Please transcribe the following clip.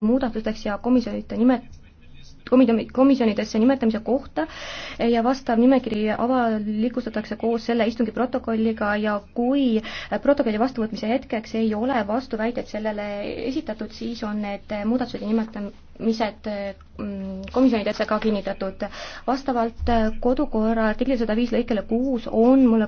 muudatusteks ja komisjonide nimet-, komisjonidesse nimetamise kohta ja vastav nimekiri avalikustatakse koos selle istungi protokolliga ja kui protokolli vastuvõtmise hetkeks ei ole vastuväidet sellele esitatud, siis on need muudatused ja nimetamised mm, komisjonidesse ka kinnitatud. vastavalt kodukorra artikli sada viis lõikele kuus on mulle